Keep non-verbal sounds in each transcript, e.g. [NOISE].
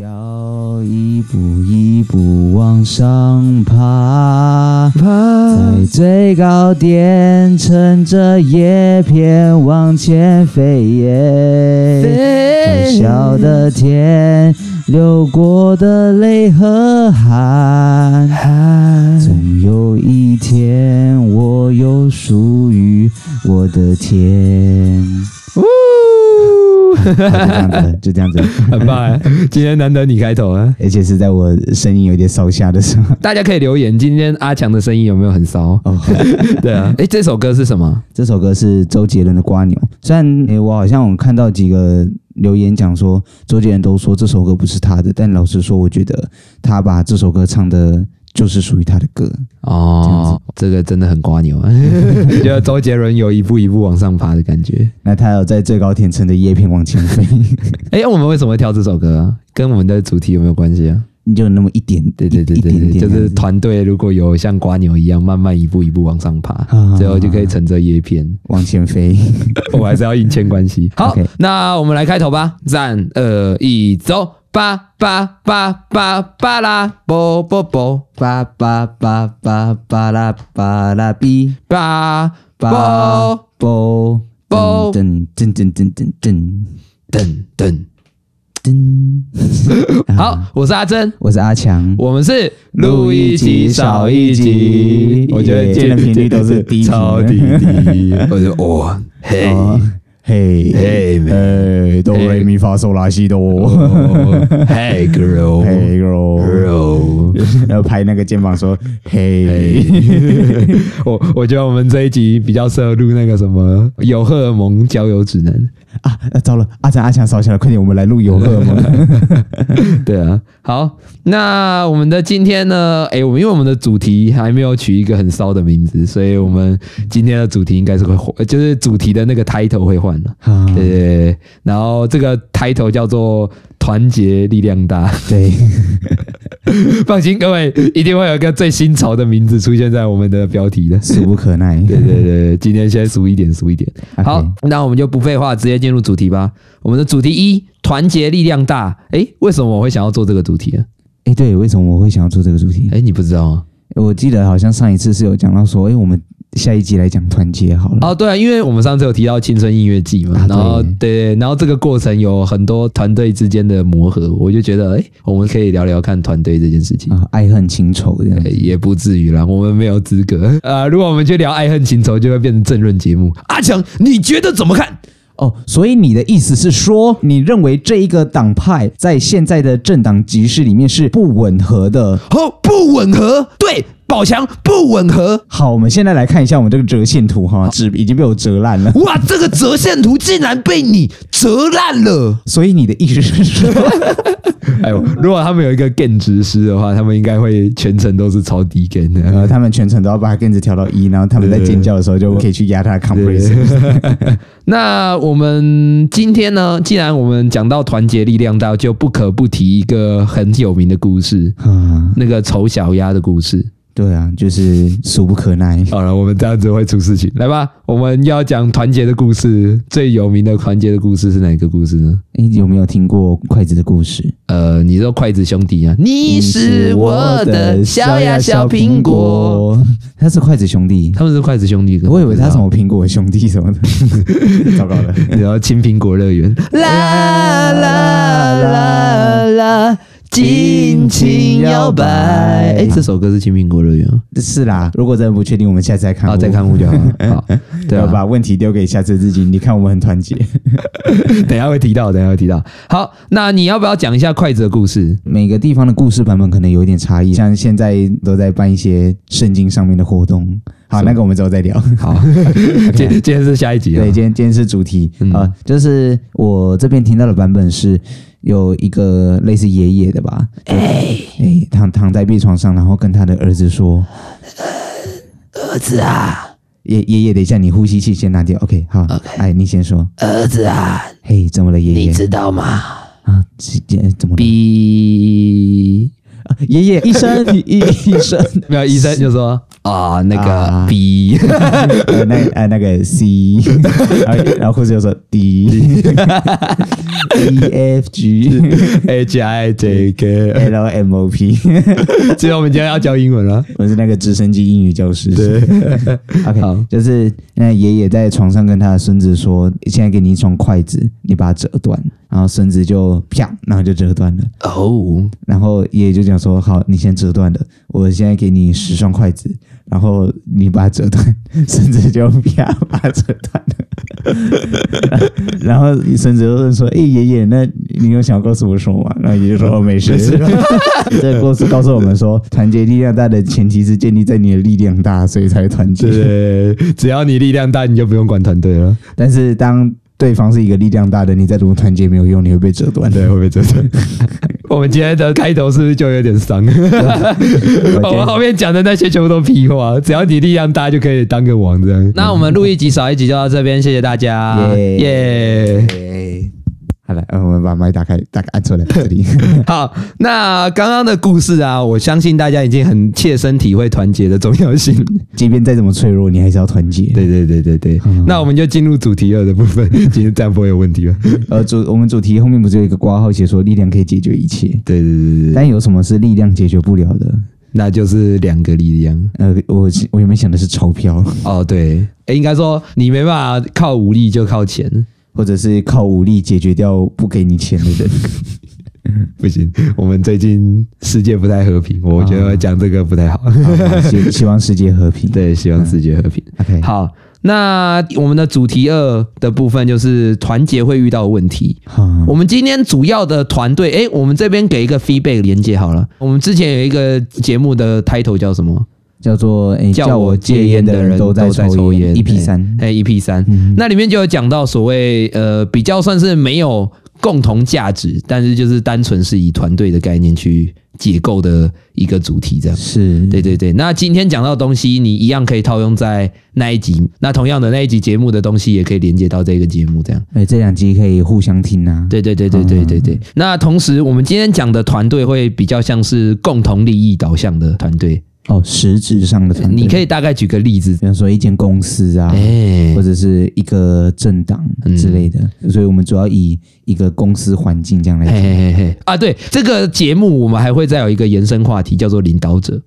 要一步一步往上爬，爬，在最高點乘着葉片往前飛，飛，小小的天，流過的淚和汗，汗，總有一天，我有屬於我的天。就這樣子，就這樣子，這樣子，很棒 [LAUGHS] 今天難得你開頭啊，而且是在我聲音有點燒瞎的時候，大家可以留言，今天阿強的聲音有沒有很燒？哦、okay. [LAUGHS] 對啊，哎、欸，這首歌是什麼？這首歌是周杰倫的《蝸牛》。雖然、欸、我好像我看到幾個留言講說周杰倫都說這首歌不是他的，但老實說，我覺得他把這首歌唱的。就是屬於他的歌哦，這個真的很蝸牛，啊。 [LAUGHS] 就周杰倫有一步一步往上爬的感覺。 [LAUGHS] 那他有在最高點乘著葉片往前飛。哎、 [LAUGHS] 欸，我們為什麼會跳這首歌？啊？跟我們的主題有沒有關係啊？你就那麼一點，對對對對，對點點，就是團隊如果有像蝸牛一樣慢慢一步一步往上爬，啊啊啊啊啊最後就可以乘着葉片往前飛。 [LAUGHS] 我還是要硬牽關係。好，okay. 那我們來開頭吧，三二一，1，走。巴巴巴巴巴拉，啵巴啵，巴巴巴巴巴拉，巴拉比，巴啵巴噔噔噔噔噔噔噔噔。好，我是阿珍，我是阿強， [LAUGHS] 我們是錄一集少 [NOISE] 一集。我覺得見面頻率都是低 [LAUGHS] 超低的低。 [LAUGHS] 我就我嘿。哦 hey 哦 Hey hey, hey, hey, Do Re、hey, Mi、hey, Fa So La Si Do.、Oh, hey girl, Hey girl, girl. 然後拍那個肩膀說 [LAUGHS] ：“Hey。 [LAUGHS] 我”我我覺得我們這一集比較適合錄那個什麼有荷爾蒙交友指南啊！那、啊、糟了，阿、啊、強阿強燒起來，快點，我們來錄有荷爾蒙。 [LAUGHS] [LAUGHS] 對啊，好，那我們的今天呢？誒、欸，我們因為我們的主題還沒有取一個很騷的名字，所以我們今天的主題應該是會就是主題的那個 title 會換。對，對，對然後這個 title 叫做“團結力量大”。對， [LAUGHS] 放心，各位一定會有一個最新潮的名字出現在我們的標題的，俗不可耐。對對對，對，今天先俗一點，俗一點。好、okay，那我們就不廢話，直接進入主題吧。我們的主題一：團結力量大。哎，為什麼我會想要做這個主題啊？哎，對，為什麼我會想要做這個主題？哎，你不知道啊？我記得好像上一次是有講到說，哎，我們。下一集來講團結好了哦，對啊，因為我們上次有提到《青春音樂季》嘛、啊，然後對，然後這個過程有很多團隊之間的磨合，我就覺得哎，我們可以聊聊看團隊這件事情啊、哦，愛恨情仇、哎，也不至於啦，我們沒有資格啊、呃。如果我們去聊愛恨情仇，就會變成政論節目。阿強，你覺得怎麼看？哦，所以你的意思是說，你認為這一個黨派在現在的政黨局勢裡面是不吻合的？哦，不吻合，對。寶強不吻合。好，我們現在來看一下我們這個折線圖哈、哦，紙已經被我折爛了。哇，這個折線圖竟然被你折爛了！所以你的意思是說， [LAUGHS] 哎呦，如果他們有一個更直 i 的話，他們應該會全程都是超低 g 的，然他們全程都要把 g a i 調到一、e,，然後他們在尖叫的時候就可以去壓他 c o m p r e s s [LAUGHS] 那我們今天呢，既然我們講到團結力量到就不可不提一個很有名的故事，嗯、那個醜小鴨的故事。對啊，就是俗不可耐。好了，我們這樣子會出事情。來吧，我們要講團結的故事。最有名的團結的故事是哪一個故事呢？你、欸、有沒有聽過筷子的故事？呃，你說筷子兄弟啊？你是我的小呀小蘋果。他是筷子兄弟，他們是筷子兄弟。我以為他是我蘋果的兄弟什麼的。的麼，的 [LAUGHS] 糟糕了，然後青蘋果樂園。啦啦啦啦啦啦盡情搖擺。哎，這首歌是《青蘋果樂園》嗎？是啦。如果真的不確定，我們下次再看。好，再看目標。好，對啊，要把問題丟給下次自己。你看，我們很團結。等一下會提到，等一下會提到。好，那你要不要講一下筷子的故事？嗯，每個地方的故事版本可能有一點差異。像現在都在辦一些聖經上面的活動。好，那個我們之後再聊。好，好 okay, okay. 今天今天是下一集啊。對，今天今天是主題啊，嗯，呃，就是我這邊聽到的版本是。有一個類似爺爺的吧，哎哎、欸，躺躺在病床上，然後跟他的兒子說：“兒子啊，爺爺爺，爺爺等一下，你呼吸器先拿掉，OK，好，OK，哎，你先說，兒子啊，嘿，怎麼了，爺爺，你知道嗎？啊，怎怎怎麼逼？啊，爺爺，醫生，醫 [LAUGHS] 醫生，沒 [LAUGHS] 有醫生 [LAUGHS] 醫生就說。”啊、oh, [LAUGHS] 那個 B，那呃那個 C， [LAUGHS] [LAUGHS] 然後護士又說 D，E [LAUGHS] F G H I J K L M O P，最 [LAUGHS] 後我們今天要教英文了， [LAUGHS] 我是那個直升機英語教師。對 [LAUGHS] ，OK，好就是那爺爺在床上跟他的孫子說，現在給你一雙筷子，你把它折斷。然後孫子就啪，然後就折斷了。哦、oh.，然後爺爺就講說：“好，你先折斷了，我現在給你十雙筷子，然後你把它折斷。”孫子就啪把它折斷了 [LAUGHS] 然，然後孫子就問說：“哎、欸，爺爺，那你有想故事我說什麼？”然後爺爺就說：“沒事，沒事 [LAUGHS] 這個故事告訴我們說，團結力量大的前提是建立在你的力量大，所以才團結。對，只要你力量大，你就不用管團隊了。但是當……”對方是一個力量大的，你再怎麼團結沒有用，你會被折斷，對，會被折斷。 [LAUGHS] 我們今天的開頭是不是就有點傷？ [LAUGHS] [LAUGHS] okay. 我們後面講的那些全部都屁話，只要你力量大就可以當個王這樣。是是 [LAUGHS] 那我們錄一集少 [LAUGHS] 一集就到這邊，謝謝大家，耶、yeah. yeah.。Yeah. 來，我們把麥打開，大概按出來這裡。 [LAUGHS] 好，那剛剛的故事啊，我相信大家已經很切身體會團結的重要性。即便再怎麼脆弱，你還是要團結。哦、對對對對對、嗯。那我們就進入主題二的部分。今天占波有問題了呃， [LAUGHS] 主我們主題後面不是有一個括號寫說，力量可以解決一切。對對對對。但有什麼是力量解決不了的？那就是兩個力量。呃，我我有沒有想的是鈔票？ [LAUGHS] 哦，對。哎，應該說你沒辦法靠武力，就靠錢。或者是靠武力解決掉不給你錢的人 [LAUGHS] [LAUGHS] 不行。我們最近世界不太和平，我覺得講這個不太好，哦 [LAUGHS] 啊。希望世界和平，嗯，對，希望世界和平。嗯、OK，好，那我們的主題二的部分就是團結會遇到的問題，嗯。我們今天主要的團隊，誒、欸，我們這邊給一個 feedback 連接好了。我們之前有一個節目的 title 叫什麼？叫做、欸、叫我戒菸的人都在抽菸。E.P. 三、欸、E.P. 三、嗯、那裡面就有講到所謂呃比較算是沒有共同價值，但是就是單純是以團隊的概念去解構的一個主題，這樣是對對對。那今天講到的東西，你一樣可以套用在那一集。那同樣的那一集節目的東西，也可以連接到這個節目這樣。欸、這兩集可以互相聽啊。對對對對對對對。嗯嗯那同時我們今天講的團隊會比較像是共同利益導向的團隊。哦，實質上的分，你可以大概舉個例子，比如說一間公司啊、欸，或者是一個政黨之類的、嗯，所以我們主要以一個公司環境這樣來講。欸、嘿嘿嘿啊，對，這個節目我們還會再有一個延伸話題，叫做領導者。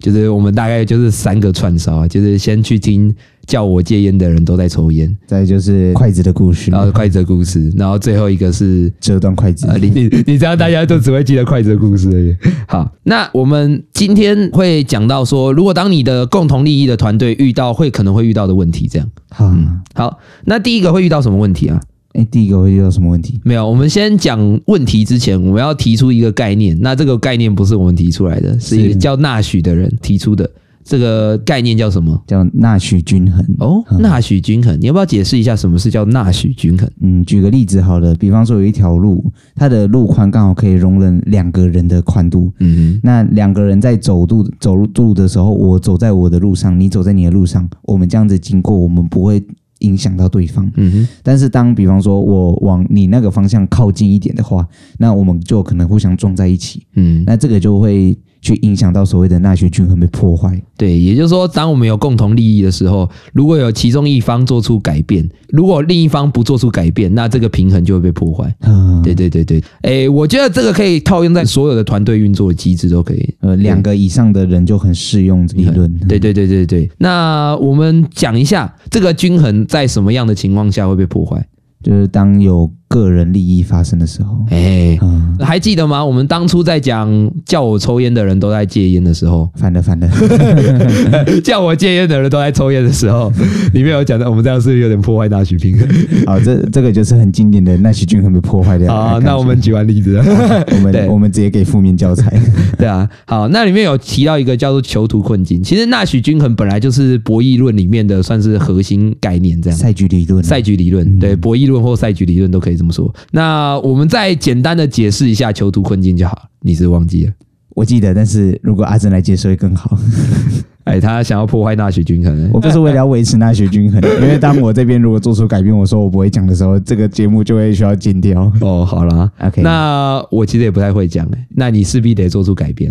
就是我們大概就是三個串燒，啊，就是先去聽叫我戒菸的人都在抽菸，再就是筷子的故事，然後筷子的故事，然後最後一個是折斷筷子，呃。你你你知道，大家都只會記得筷子的故事而已。好，那我們今天會講到說，如果當你的共同利益的團隊遇到會可能會遇到的問題，這樣，嗯。好，好，那第一個會遇到什麼問題啊？哎，第一個會遇到什麼問題？沒有，我們先講問題之前，我們要提出一個概念。那這個概念不是我們提出來的，是一個叫納許的人提出的。這個概念叫什麼？叫納許均衡。哦，納許均衡，嗯，你要不要解釋一下什麼是叫納許均衡？嗯，舉個例子好了，比方說有一條路，它的路寬剛好可以容忍兩個人的寬度。嗯，那兩個人在走路走路的時候，我走在我的路上，你走在你的路上，我們這樣子經過，我們不會。影響到對方，嗯，但是當比方說我往你那個方向靠近一點的話，那我們就可能互相撞在一起，嗯，那這個就會。去影響到所謂的納許均衡被破壞。對，也就是說，當我們有共同利益的時候，如果有其中一方做出改變，如果另一方不做出改變，那這個平衡就會被破壞。嗯，對對對對，誒、欸，我覺得這個可以套用在所有的團隊運作機制都可以。呃，兩個以上的人就很適用這個理論。對，對對對對對，那我們講一下這個均衡在什麼樣的情況下會被破壞，就是當有個人利益發生的時候，哎、欸嗯，還記得嗎？我們當初在講叫我抽煙的人都在戒煙的時候，反了反了 [LAUGHS] ；叫我戒煙的人都在抽煙的時候，裡面有講到，我們這樣是不是有點破壞納許平衡？好、哦，這這個就是很經典的納許均衡被破壞掉。啊，那我們舉完例子了，我們對我們直接給負面教材。對啊，好，那裡面有提到一個叫做囚徒困境，其實納許均衡本來就是博弈論裡面的算是核心概念，這樣賽局理論、啊、賽局理論，對、嗯、博弈論或賽局理論都可以做。怎麼說？那我們再簡單的解釋一下囚徒困境就好。你是忘記了？我記得，但是如果阿珍來解釋會更好。 [LAUGHS] 哎、欸，他想要破壞納許均衡、欸，我不是為了要維持納許均衡， [LAUGHS] 因為當我這邊如果做出改變，我說我不會講的時候，這個節目就會需要剪掉。哦，好啦，o [LAUGHS] k 那我其實也不太會講、欸，那你勢必得做出改變，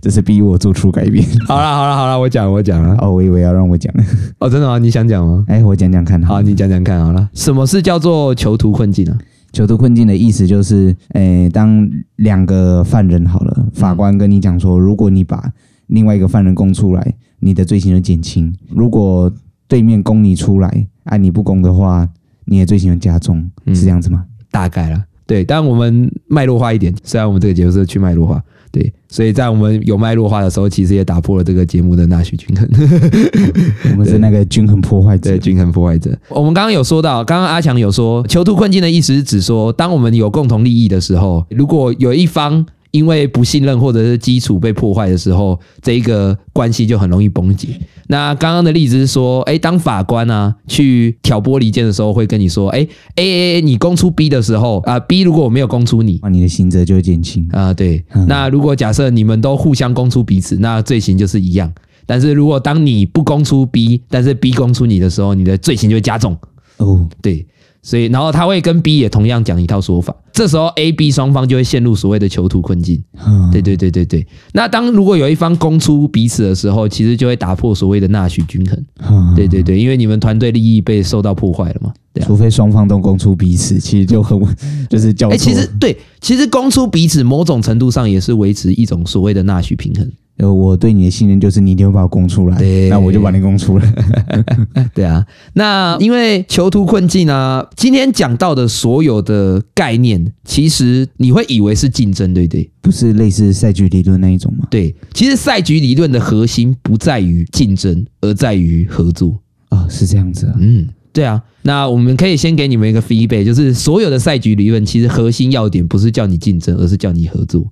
這是逼我做出改變。 [LAUGHS] [LAUGHS] 好啦，好啦，好啦，我講，我講了。哦，我以為要讓我講， [LAUGHS] 哦，真的嗎、啊、你想講嗎？哎，我講講看。好，你講講看，好了，什麼是叫做囚徒困境啊？囚徒困境的意思就是，哎，當兩個犯人好了，法官跟你講說，如果你把另外一個犯人供出來，你的罪行就減輕；如果對面供你出來，按、啊、你不供的話，你的罪行就加重，是這樣子嗎、嗯？大概了，對。但我們脈絡化一點，雖然我們這個節目是去脈絡化，對。所以在我們有脈絡化的時候，其實也打破了這個節目的納許均衡、 [LAUGHS] 哦。我們是那個均衡破壞者，對，對，均衡破壞者。我們剛剛有說到，剛剛阿強有說，囚徒困境的意思是，指說，當我們有共同利益的時候，如果有一方。因為不信任或者是基礎被破壞的時候，這一個關係就很容易崩解。那剛剛的例子是說，哎，當法官啊去挑撥離間的時候，會跟你說，哎哎 A A，A A，你供出 B 的時候啊，B 如果我沒有供出你，那、啊、你的刑責就會減輕啊。對、嗯，那如果假設你們都互相供出彼此，那罪行就是一樣。但是如果當你不供出 B，但是 B 供出你的時候，你的罪行就會加重。哦，對，所以然後他會跟 B 也同樣講一套說法。這時候，A、B 雙方就會陷入所謂的囚徒困境。嗯、對對對對對。那當如果有一方供出彼此的時候，其實就會打破所謂的納許均衡。嗯、對對對，因為你們團隊利益被受到破壞了嘛。對啊、除非雙方都供出彼此，其實就很 [LAUGHS] 就是交錯、欸。其實對，其實供出彼此，某種程度上也是維持一種所謂的納許平衡。呃，我對你的信任就是你一定會把我供出來，對。那我就把你供出來。 [LAUGHS] 對啊，那因為囚徒困境呢、啊，今天講到的所有的概念，其實你會以為是競爭，對不對？不是類似賽局理論那一種嗎？對，其實賽局理論的核心不在於競爭，而在於合作。啊、哦，是這樣子啊，嗯，對啊。那我們可以先給你們一個 feedback，就是所有的賽局理論，其實核心要點不是叫你競爭，而是叫你合作。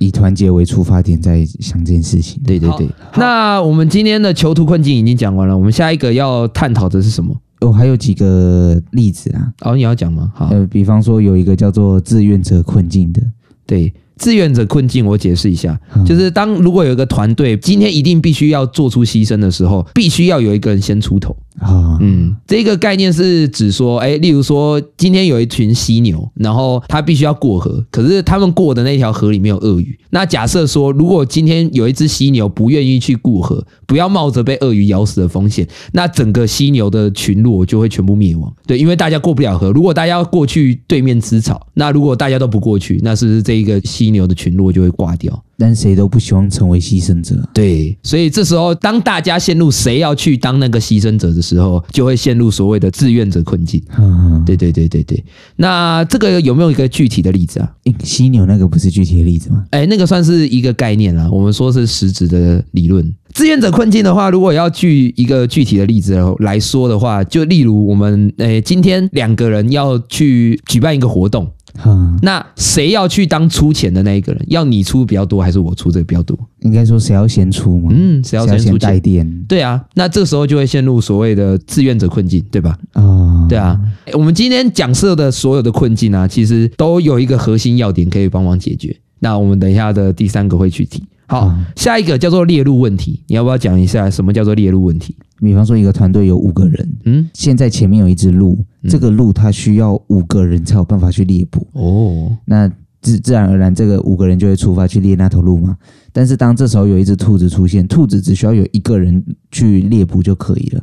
以團結為出發點，在想這件事情。對對對，那我們今天的囚徒困境已經講完了，我們下一個要探討的是什麼？哦，還有幾個例子啊。哦，你要講嗎？好，呃，比方說有一個叫做志願者困境的。對，志願者困境我解釋一下，嗯，就是當如果有一個團隊今天一定必須要做出犧牲的時候，必須要有一個人先出頭。啊，嗯，這個概念是指說，哎，例如說，今天有一群犀牛，然後它必須要過河，可是他們過的那條河裡面有鱷魚。那假設說，如果今天有一隻犀牛不願意去過河，不要冒着被鱷魚咬死的風險，那整個犀牛的群落就會全部滅亡。對，因為大家過不了河。如果大家過去對面吃草，那如果大家都不過去，那是不是這一個犀牛的群落就會掛掉？但誰都不希望成為犧牲者，對，所以這時候，當大家陷入誰要去當那個犧牲者的時候，就會陷入所謂的志願者困境。對、嗯嗯、對對對對，那這個有沒有一個具體的例子啊？欸、犀牛那個不是具體的例子嗎？哎、欸，那個算是一個概念啊。我們說是實質的理論。志願者困境的話，如果要舉一個具體的例子來說的話，就例如我們誒、欸，今天兩個人要去舉辦一個活動。哈、嗯，那誰要去當出錢的那一個人？要你出比較多，還是我出這個比較多？應該說誰要先出嗎？嗯，誰要先出錢？對啊，那這時候就會陷入所謂的志願者困境，對吧？啊、嗯，對啊，我們今天講述的所有的困境啊，其實都有一個核心要點可以幫忙解決。那我們等一下的第三個會去提。好，下一個叫做獵鹿問題，你要不要講一下什麼叫做獵鹿問題？比方說一個團隊有五個人，嗯，現在前面有一只鹿，嗯、這個鹿它需要五個人才有辦法去獵捕，哦，那自自然而然這個五個人就會出發去獵那頭鹿嘛。但是當這時候有一只兔子出現，兔子只需要有一個人去獵捕就可以了。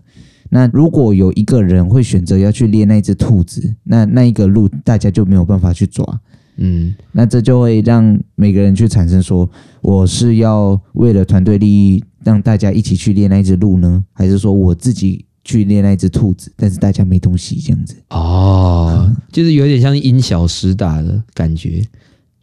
那如果有一個人會選擇要去獵那只兔子，那那一個鹿大家就沒有辦法去抓。嗯，那這就會讓每個人去產生說，我是要為了團隊利益，讓大家一起去獵那一隻鹿呢，還是說我自己去獵那一隻兔子，但是大家沒東西這樣子？哦，就是有點像因小失大的感覺。嗯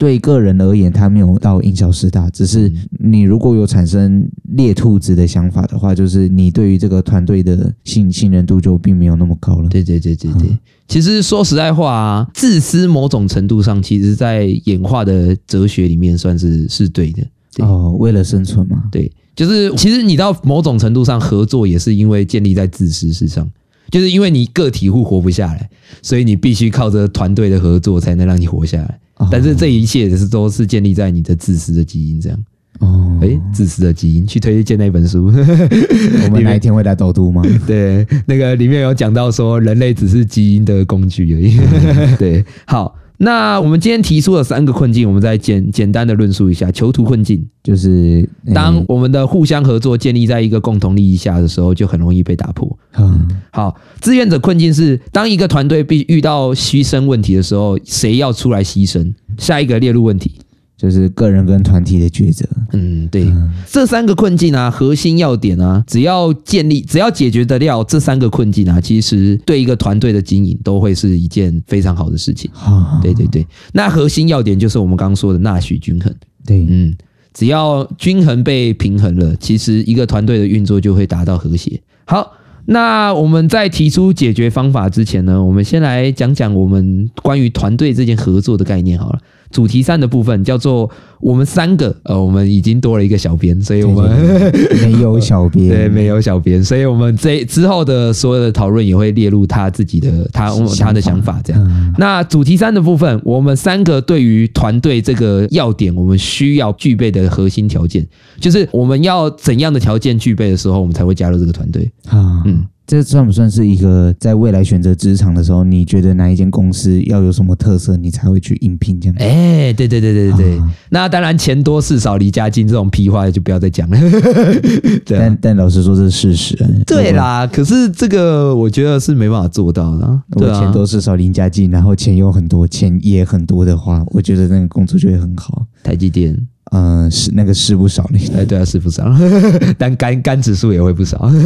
對個人而言，他沒有到因小失大，只是你如果有產生獵兔子的想法的話，就是你對於這個團隊的信信任度就並沒有那麼高了。對對對對對、對、嗯，其實說實在話啊，自私某種程度上，其實在演化的哲學裡面算是是對的對哦。為了生存嘛。對，就是其實你到某種程度上合作也是因為建立在自私之上，就是因為你個體戶活不下來，所以你必須靠着團隊的合作才能讓你活下來。但是這一切也是都是建立在你的自私的基因這樣哦、欸，自私的基因，去推薦那本書， [LAUGHS] 我們哪一天會來導讀嗎？對，那個裡面有講到說人類只是基因的工具而已。 [LAUGHS] 對，好。那我們今天提出了三個困境，我們再簡簡單的論述一下。囚徒困境就是當我們的互相合作建立在一個共同利益下的時候，就很容易被打破。嗯。好，志願者困境是當一個團隊遇遇到犧牲問題的時候，誰要出來犧牲？下一個獵鹿問題。就是個人跟團體的抉擇。嗯，對，這三個困境啊，核心要點啊，只要建立，只要解決得了這三個困境啊，其實對一個團隊的經營都會是一件非常好的事情。好、哦，對對對，那核心要點就是我們剛剛說的納許均衡。對，嗯，只要均衡被平衡了，其實一個團隊的運作就會達到和諧。好，那我們在提出解決方法之前呢，我們先來講講我們關於團隊這件合作的概念好了。主題三的部分叫做我們三個，呃，我們已經多了一個小編，所以我們 [LAUGHS] 沒有小編，對，沒有小編，所以我們這之後的所有的討論也會列入他自己的他他的想法。這樣，嗯，那主題三的部分，我們三個對於團隊這個要點，我們需要具備的核心條件，就是我們要怎樣的條件具備的時候，我們才會加入這個團隊啊，嗯。嗯這算不算是一個在未來選擇職場的時候，你覺得哪一間公司要有什麼特色，你才會去應聘這樣？哎、欸，對對對對對，啊，那當然錢多事少離家近這種屁話也就不要再講了。 [LAUGHS] 啊、但但老實說這是事實。對啦，可是這個我覺得是沒辦法做到的，啊。我錢多事少離家近，然後錢又很多，錢也很多的話，我覺得那個工作就會很好。台積電。嗯，是那個是不少，哎，對啊，是不少， [LAUGHS] 但肝肝指數也會不少，啊、你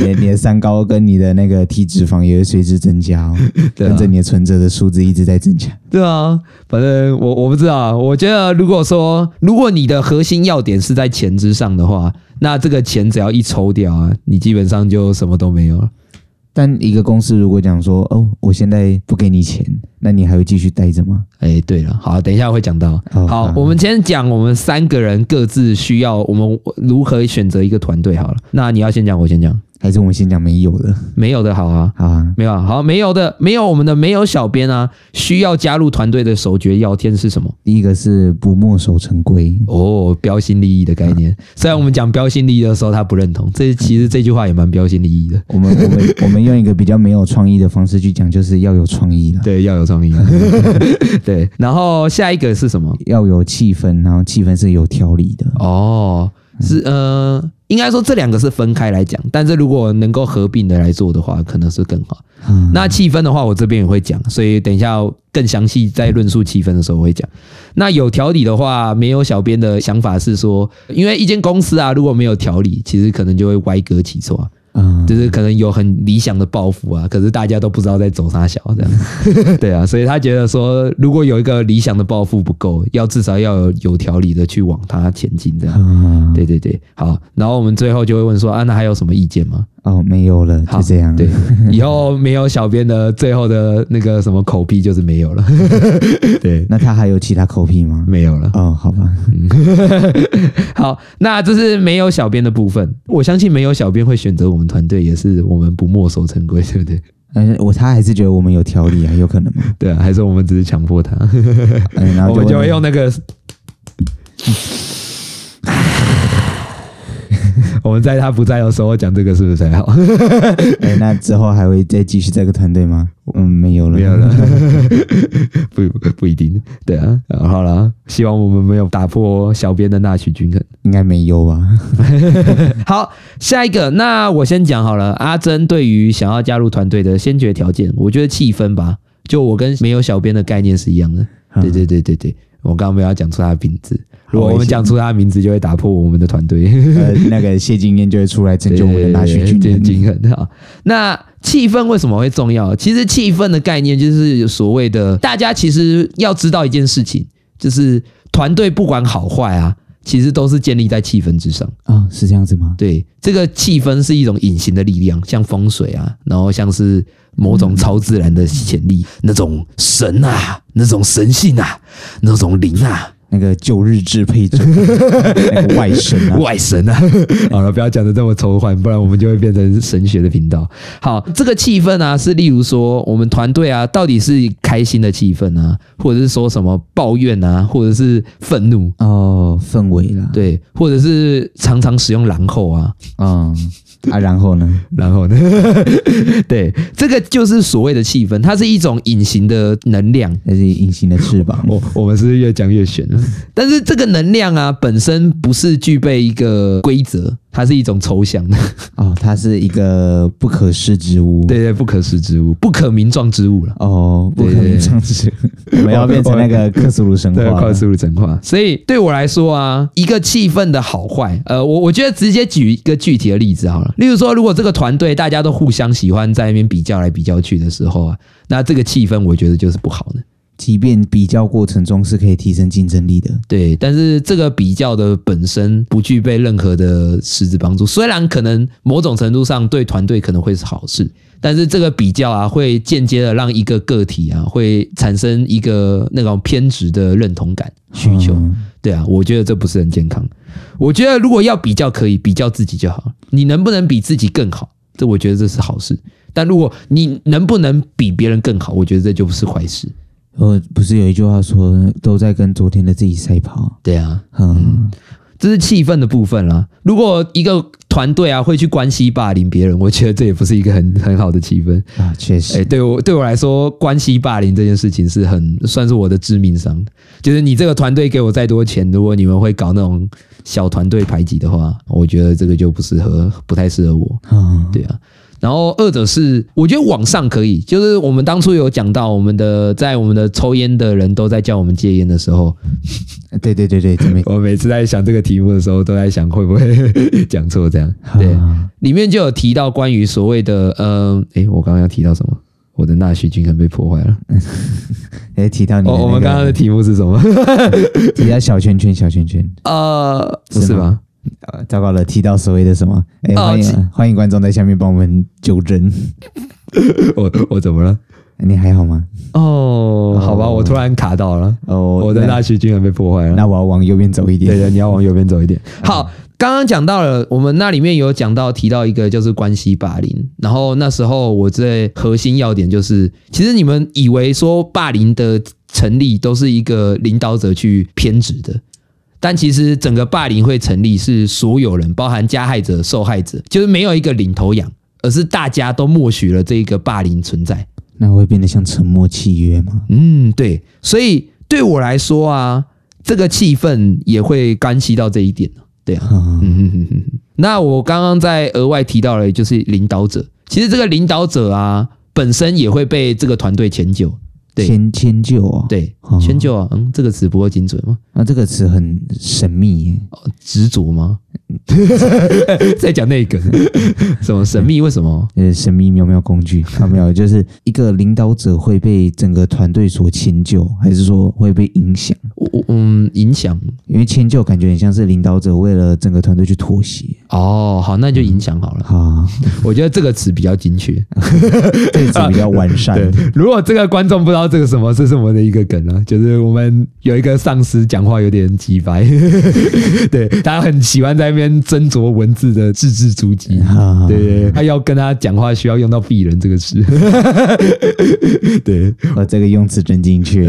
的你的三高跟你的那個體脂肪也會隨之增加、哦，對啊，跟着你的存摺的數字一直在增加。對啊，反正我我不知道，我覺得如果說如果你的核心要點是在錢之上的話，那這個錢只要一抽掉啊，你基本上就什麼都沒有了。但一個公司如果講說，哦，我現在不給你錢，那你還會繼續待着嗎？哎，對了，好，等一下我會講到。好、哦。好，我們先講我們三個人各自需要，我們如何選擇一個團隊。好了，那你要先講，我先講。還是我們先講沒有的，沒有的好啊，好啊，沒有好，沒有的，沒有我們的沒有小編啊，需要加入團隊的首訣要天是什麼？第一個是不墨守成規哦，標新立異的概念、啊。雖然我們講標新立異的時候，他不認同，這、嗯、其實這句話也蠻標新立異的。我們我們我們用一個比較沒有創意的方式去講，就是要有創意了。 [LAUGHS] 對，要有創意了。 [LAUGHS] 對，然後下一個是什麼？要有氣氛，然後氣氛是有條理的哦。是呃，應該說，這兩個是分開來講，但是如果能夠合併的來做的話，可能是更好。嗯、那氣氛的話，我這邊也會講，所以等一下更詳細再論述氣氛的時候我會講。那有條理的話，沒有小編的想法是說，因為一間公司啊，如果沒有條理，其實可能就會歪歌起錯、啊。嗯，就是可能有很理想的抱負啊，可是大家都不知道在走啥小這樣， [LAUGHS] 對啊，所以他覺得說，如果有一個理想的抱負不夠，要至少要有有條理的去往他前進這樣，嗯，對對對，好，然後我們最後就會問說，啊，那還有什麼意見嗎？哦，沒有了，就這樣。對，以後沒有小編的最後的那個什麼口癖就是沒有了。 [LAUGHS] 對，那他還有其他口癖嗎？沒有了。哦，好吧。嗯、 [LAUGHS] 好，那這是沒有小編的部分。我相信沒有小編會選擇我們團隊，也是我們不墨守成規，對不對？但是我他還是覺得我們有條理啊，有可能嗎？對啊，還是我們只是強迫他、哎然後，我們就會用那個。嗯 [LAUGHS] 我們在他不在的時候講這個是不是才好？哎、 [LAUGHS] 欸，那之後還會再繼續這個團隊嗎？嗯，沒有了，沒有了， [LAUGHS] 不不一定。對啊，好了，希望我們沒有打破小編的納許均衡，應該沒有吧？ [LAUGHS] [LAUGHS] 好，下一個，那我先講好了。阿珍對於想要加入團隊的先決條件，我覺得氣氛吧，就我跟沒有小編的概念是一樣的。嗯、對對對對對。我剛剛沒有講出他的名字，如果我們講出他的名字，就會打破我們的團隊。 [LAUGHS] 呃，那個謝金燕就會出來拯救我們的大學，的數據來平衡。嗯、好，那氣氛為什麼會重要？其實氣氛的概念就是所謂的，大家其實要知道一件事情，就是團隊不管好壞啊。其實都是建立在氣氛之上啊，哦，是這樣子嗎？對，這個氣氛是一種隱形的力量，像風水啊，然後像是某種超自然的潛力，嗯，那種神啊，那種神性啊，那種靈啊。那個舊日支配者， [LAUGHS] 外，啊、外神啊，外神啊！好了，不要講得這麼仇恨，不然我們就會變成神學的頻道。好，這個氣氛啊，是例如說我們團隊啊，到底是開心的氣氛啊，或者是說什麼抱怨啊，或者是憤怒哦，氛圍啦、嗯，對，或者是常常使用然後啊，嗯。啊，然後呢？然後呢？ [LAUGHS] 對，這個就是所謂的氣氛，它是一種隱形的能量，還是隱形的翅膀？我我們是越講越玄了。 [LAUGHS] 但是這個能量啊，本身不是具備一個規則，它是一種抽象的啊、哦，它是一個不可視之物，對，對對，不可視之物，不可名狀之物了。哦，不可名狀之物，對對對，我們要變成那個克蘇魯神話，克蘇魯神話。所以對我來說啊，一個氣氛的好壞，呃，我我覺得直接舉一個具體的例子好了。例如說，如果這個團隊大家都互相喜歡，在那邊比較來比較去的時候啊，那這個氣氛我覺得就是不好的。即便比較過程中是可以提升競爭力的，對，但是這個比較的本身不具備任何的實質幫助。雖然可能某種程度上對團隊可能會是好事，但是這個比較啊，會間接的讓一個個體啊，會產生一個那種偏執的認同感需求。嗯。對啊，我覺得這不是很健康。我覺得，如果要比較，可以比較自己就好。你能不能比自己更好？這我覺得這是好事。但如果你能不能比別人更好，我覺得這就不是壞事。呃，不是有一句話說，都在跟昨天的自己賽跑。對啊，嗯，嗯。這是氣氛的部分啦。如果一個。團隊啊，會去關係霸凌別人，我覺得這也不是一個很很好的氣氛啊。確實，哎，欸，對我對我來說，關係霸凌這件事情是很算是我的致命傷。就是你這個團隊給我再多錢，如果你們會搞那種小團隊排擠的話，我覺得這個就不適合，不太適合我，嗯。對啊。然後，二者是，我覺得網上可以，就是我們當初有講到，我們的在我們的抽菸的人都在叫我們戒菸的時候，對對對對， [LAUGHS] 我每次在想這個題目的時候，都在想會不會講錯這樣。對，啊、裡面就有提到關於所謂的，嗯、呃，哎，我剛剛要提到什麼？我的納許均衡被破壞了。 [LAUGHS] 誒提到你、那個哦，我們剛剛的題目是什麼？ [LAUGHS] 提到小圈圈，小圈圈，呃，是嗎是吧？呃，糟糕了，提到所謂的什麼？哎、欸，歡迎、哦、歡迎觀眾在下面幫我們糾正。 [LAUGHS] 我我怎麼了、欸？你還好嗎？哦、oh, oh,，好吧，我突然卡到了。哦、oh,，我的納許均衡被破壞了那。那我要往右邊走一點。對，對對，你要往右邊走一點。 [LAUGHS] 好，剛剛講到了，我們那裡面有講到提到一個就是關係霸凌，然後那時候我最核心要點就是，其實你們以為說霸凌的成立都是一個領導者去偏執的。但其實整個霸凌會成立是所有人，包含加害者、受害者，就是沒有一個領頭羊，而是大家都默許了這個霸凌存在。那會變得像沉默契約嗎？嗯，對。所以對我來說啊，這個氣氛也會干係到這一點，對啊。嗯、 [LAUGHS] 那我剛剛在額外提到了，就是領導者。其實這個領導者啊，本身也會被這個團隊遷就。遷遷就啊，對，遷就啊，嗯，這個詞不夠精準嗎？那、啊、這個詞很神秘，嗯、執著嗎？在 [LAUGHS] 講那個什麼神秘？為什麼？呃，神秘喵喵工具看到沒有？就是一個領導者會被整個團隊所遷就，還是說會被影響？嗯，影響，因為遷就感覺很像是領導者為了整個團隊去妥協。哦，好，那就影響好了。啊，我覺得這個詞比較精確，這個詞比較完善。如果這個觀眾不知道這個什麼是什麼，是什麼的一個梗呢、啊，就是我們有一個上司講話有點直白，對，他很喜歡在面。跟斟酌文字的字字珠璣，對，對，對、嗯、他要跟他講話需要用到鄙人這個詞，嗯、 [LAUGHS] 對我、哦、這個用詞真進去，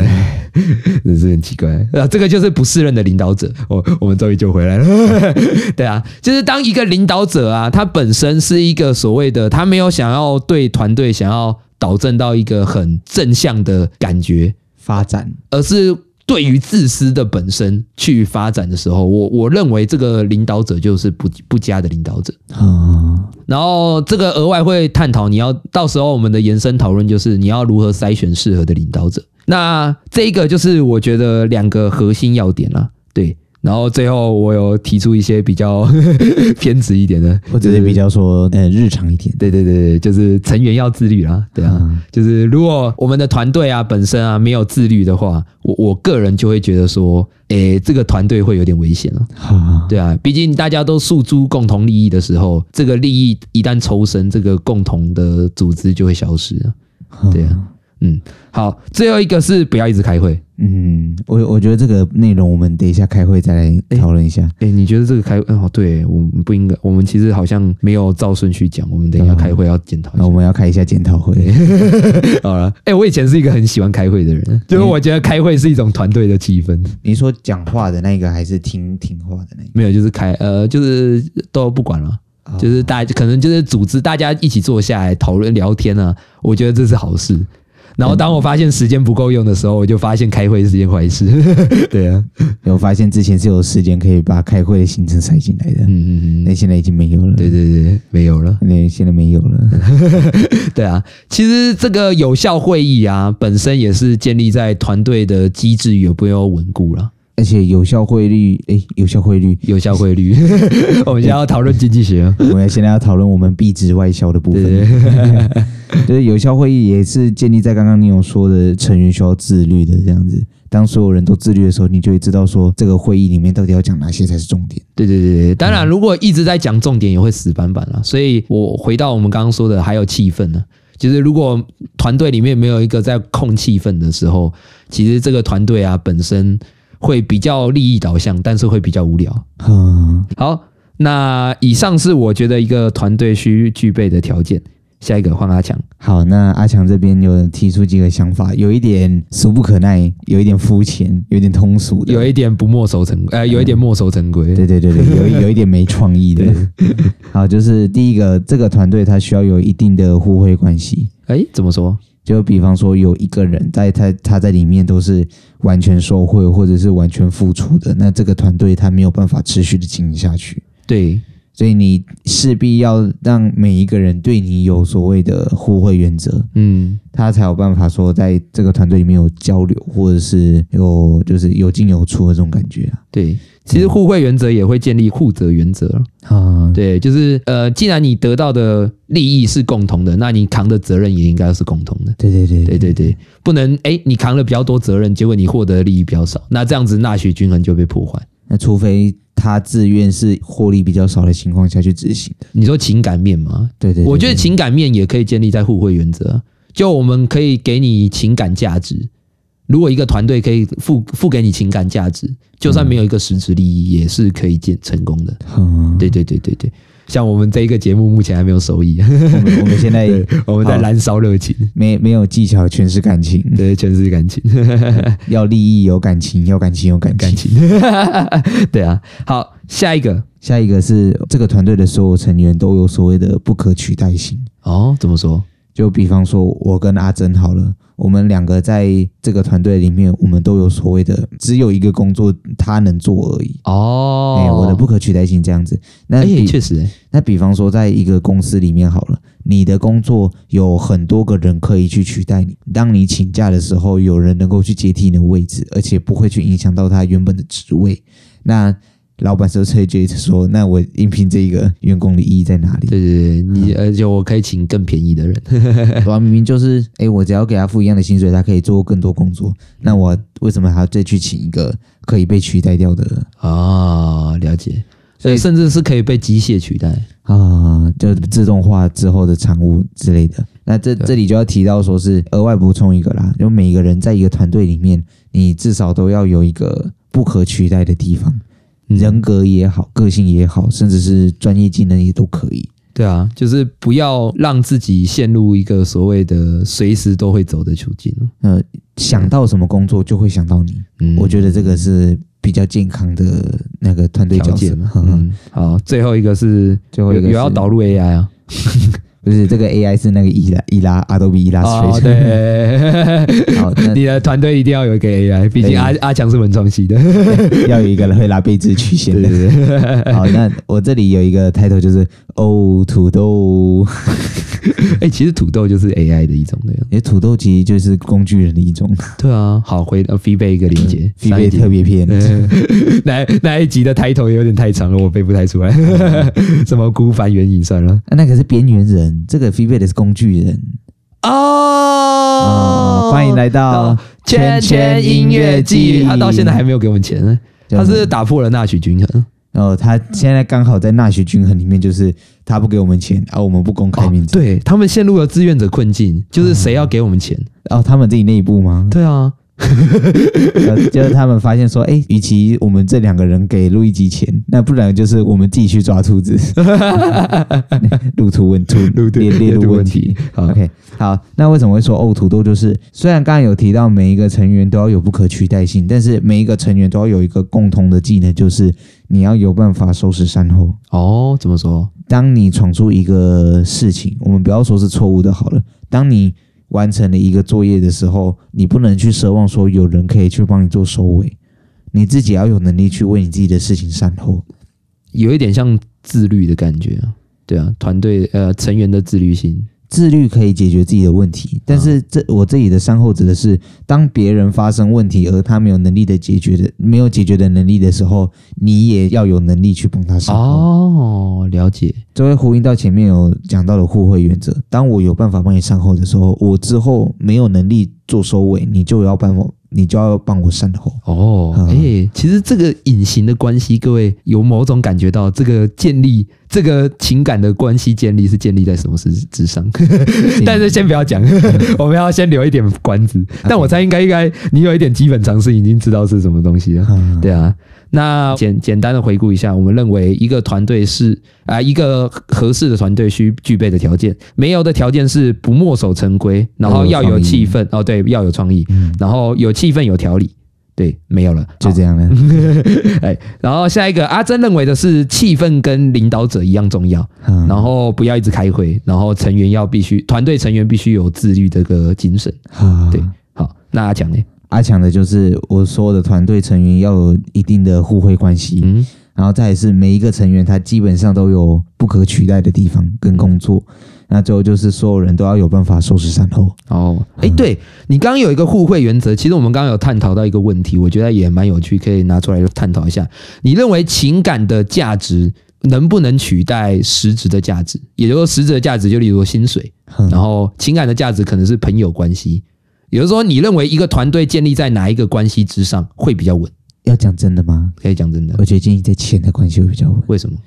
這是很奇怪。啊，這個就是不適任的領導者。我，我們終於就回來了。嗯、 [LAUGHS] 對啊，就是當一個領導者啊，他本身是一個所謂的，他沒有想要對團隊想要導正到一個很正向的感覺發展，而是，對於自私的本身去發展的時候，我我認為這個領導者就是不不佳的領導者啊。嗯。然後這個額外會探討，你要到時候我們的延伸討論就是你要如何篩選適合的領導者。那這一個就是我覺得兩個核心要點啦啊，對。然後最後，我有提出一些比較 [LAUGHS] 偏執一點的，或者是我比較說呃日常一點。對對對對，就是成員要自律啦、啊，對啊、嗯，就是如果我們的團隊啊本身啊沒有自律的話，我我個人就會覺得說，誒、欸，這個團隊會有點危險了、啊嗯。對啊，畢竟大家都訴諸共同利益的時候，這個利益一旦抽身，這個共同的組織就會消失了、啊。對、嗯、啊，嗯，好，最後一個是不要一直開會。嗯，我我覺得這個內容我們等一下開會再來討論一下。誒、欸欸、你覺得這個開……嗯，好對，我們不應該，我們其實好像沒有照順序講。我們等一下開會要檢討、嗯，那我們要開一下檢討會。 [LAUGHS] 好了，誒、欸、我以前是一個很喜歡開會的人，欸、就是我覺得開會是一種團隊的氣氛。你說講話的那個還是聽聽話的那個？沒有，就是開，呃，就是都不管了，哦、就是大家可能就是組織大家一起坐下來討論聊天啊，我覺得這是好事。然後，當我發現時間不夠用的時候，我就發現開會是件壞事。嗯、 [LAUGHS] 對啊對，我發現之前是有時間可以把開會的行程塞進來的，嗯嗯嗯，那現在已經沒有了。對對對，沒有了，那現在沒有了。 [LAUGHS] 對啊，其實這個有效會議啊，本身也是建立在團隊的機制有沒有穩固了。而且有效匯率，哎，有效匯率，有效匯率， [LAUGHS] 我們現在要討論經濟學。欸、我們現在要討論我們幣值外銷的部分。 [LAUGHS] 對笑就是有效會議也是建立在剛剛你有說的成員需要自律的這樣子。當所有人都自律的時候，你就會知道說這個會議裡面到底要講哪些才是重點。對對對，對、嗯、當然如果一直在講重點，也會死板板啦、啊。所以我回到我們剛剛說的，還有氣氛呢、啊。就是如果團隊裡面沒有一個在控氣氛的時候，其實這個團隊啊本身。會比較利益導向，但是會比較無聊。嗯，好，那以上是我覺得一個團隊需具備的條件。下一個換阿強。好，那阿強這邊有提出幾個想法，有一點俗不可耐，有一點膚淺，有一點通俗，有一點不墨守成規、呃，有一點墨守成規、哎。對對對對，有有一點沒創意的 [LAUGHS] 對。好，就是第一個，這個團隊它需要有一定的互惠關係。哎，怎麼說？就比方說，有一個人在他，他他在裡面都是完全受惠，或者是完全付出的，那這個團隊他沒有辦法持續的經營下去。對。所以你勢必要讓每一個人對你有所謂的互惠原則，嗯，他才有辦法說在這個團隊裡面有交流，或者是有就是有進有出的這種感覺啊。對，其實互惠原則也會建立互責原則啊、嗯。對，就是呃，既然你得到的利益是共同的，那你扛的責任也應該都是共同的。對對對對對對，不能誒、欸，你扛了比較多責任，結果你獲得的利益比較少，那這樣子納許均衡就被破壞。那除非。他自願是獲利比較少的情況下去執行的。你說情感面嗎？對對，對，我覺得情感面也可以建立在互惠原則，啊。就我們可以給你情感價值，如果一個團隊可以付付給你情感價值，就算沒有一個實質利益，也是可以建成功的，嗯。對對對對對，對。像我們這一個節目目前還沒有收益， [LAUGHS] 我們我們現在我們在燃燒熱情，沒沒有技巧，全是感情，對，全是感情， [LAUGHS] 要利益有感情，要感情有感情，感情， [LAUGHS] 對啊，好，下一個，下一個是這個團隊的所有成員都有所謂的不可取代性哦，怎麼說？就比方說，我跟阿珍好了，我們兩個在這個團隊裡面，我們都有所謂的只有一個工作他能做而已哦，oh. 欸。我的不可取代性這樣子。那也確、欸、實、欸。那比方說，在一個公司裡面好了，你的工作有很多個人可以去取代你，當你請假的時候，有人能夠去接替你的位置，而且不會去影響到他原本的職位。那。老板說：“崔杰說，那我應聘這個員工的意義在哪裡？”對對對，你而且、嗯、我可以請更便宜的人。我 [LAUGHS] 明明就是，哎、欸，我只要給他付一樣的薪水，他可以做更多工作。那我為什麼還要再去請一個可以被取代掉的？啊、哦，了解。所以，所以甚至是可以被機械取代啊、哦，就自動化之後的產物之類的。那這這裡就要提到，說是額外補充一個啦，因為每個人在一個團隊裡面，你至少都要有一個不可取代的地方。人格也好，個性也好，甚至是專業技能也都可以。對啊，就是不要讓自己陷入一個所謂的隨時都會走的處境。呃，想到什麼工作就會想到你。嗯，我覺得這個是比較健康的那個團隊條件色呵呵、嗯。好，最後一個是最後一個有，有要導入 AI 啊。 [LAUGHS] 不是這個 AI 是那個易拉、易拉 a 多比易拉曲線，對。好，你的團隊一定要有一個 AI，畢竟阿阿強是文創系的，要有一個人會拉杯子曲線的。好，那我這裡有一個 title 就是。哦、oh，土豆！哎、 [LAUGHS] 欸，其實土豆就是 AI 的一種的土豆其實就是工具人的一種。對啊，好，回呃 feedback 一個連接 feedback 特別篇，那、嗯、那一,一集的抬頭、嗯、 [LAUGHS] 有點太長了，我背不太出來， [LAUGHS] 什麼孤帆遠影算了、嗯啊。那個是邊緣人、嗯，這個 feedback 的是工具人。哦，哦歡迎來到錢錢、哦、音樂季，他、啊、到現在還沒有給我們錢，他、就是、是打破了納許均衡。然、哦、後他現在剛好在納許均衡裡面，就是他不給我們錢，而、啊、我們不公開名字、哦，對他們陷入了志願者困境，就是誰要給我們錢，然、哦、後他們自己內部嗎？對啊、哦，就是他們發現說，哎、欸，與其我們這兩個人給錄 yee 集錢，那不然就是我們繼續抓兔子，路途問兔列列路問題，問題。OK，好，那為什麼會說哦，土豆就是雖然剛剛有提到每一個成員都要有不可取代性，但是每一個成員都要有一個共同的技能，就是。你要有辦法收拾善後哦。怎麼說？當你闖出一個事情，我們不要說是錯誤的，好了。當你完成了一個作業的時候，你不能去奢望說有人可以去幫你做收尾，你自己要有能力去為你自己的事情善後，有一點像自律的感覺啊。對啊，團隊呃成員的自律性。自律可以解決自己的問題，但是這我這裡的善後指的是，當別人發生問題而他沒有能力的解決的沒有解決的能力的時候，你也要有能力去幫他善後。哦，了解，這會呼應到前面有講到的互惠原則。當我有辦法幫你善後的時候，我之後沒有能力做收尾，你就要幫我。你就要幫我善後哦、欸，其實這個隱形的關係，各位有某種感覺到這個建立這個情感的關係建立是建立在什麼事之上？ [LAUGHS] 但是先不要講、嗯，我們要先留一點關子。嗯、但我猜應該應該你有一點基本常識，已經知道是什麼東西了，嗯、對啊。那簡簡單的回顧一下，我們認為一個團隊是啊、呃、一個合適的團隊需具備的條件，沒有的條件是不墨守成規，然後要有氣氛哦，哦，對，要有創意、嗯，然後有氣氛有條理，對，沒有了，就這樣了。 [LAUGHS] 哎，然後下一個阿珍認為的是氣氛跟領導者一樣重要、嗯，然後不要一直開會，然後成員要必須團隊成員必須有自律的這個精神、嗯，對，好，那阿強呢？阿強的就是我所有的團隊成員要有一定的互惠關係，嗯，然後再是每一個成員他基本上都有不可取代的地方跟工作，那最後就是所有人都要有辦法收拾善後。哦，哎、欸，對，你剛剛有一個互惠原則，其實我們剛剛有探討到一個問題，我覺得也蠻有趣，可以拿出來探討一下。你認為情感的價值能不能取代實質的價值？也就是說，實質的價值就例如薪水，嗯、然後情感的價值可能是朋友關係。比如說，你認為一個團隊建立在哪一個關係之上會比較穩？要講真的嗎？可以講真的。我覺得建立在錢的關係會比較穩。為什麼？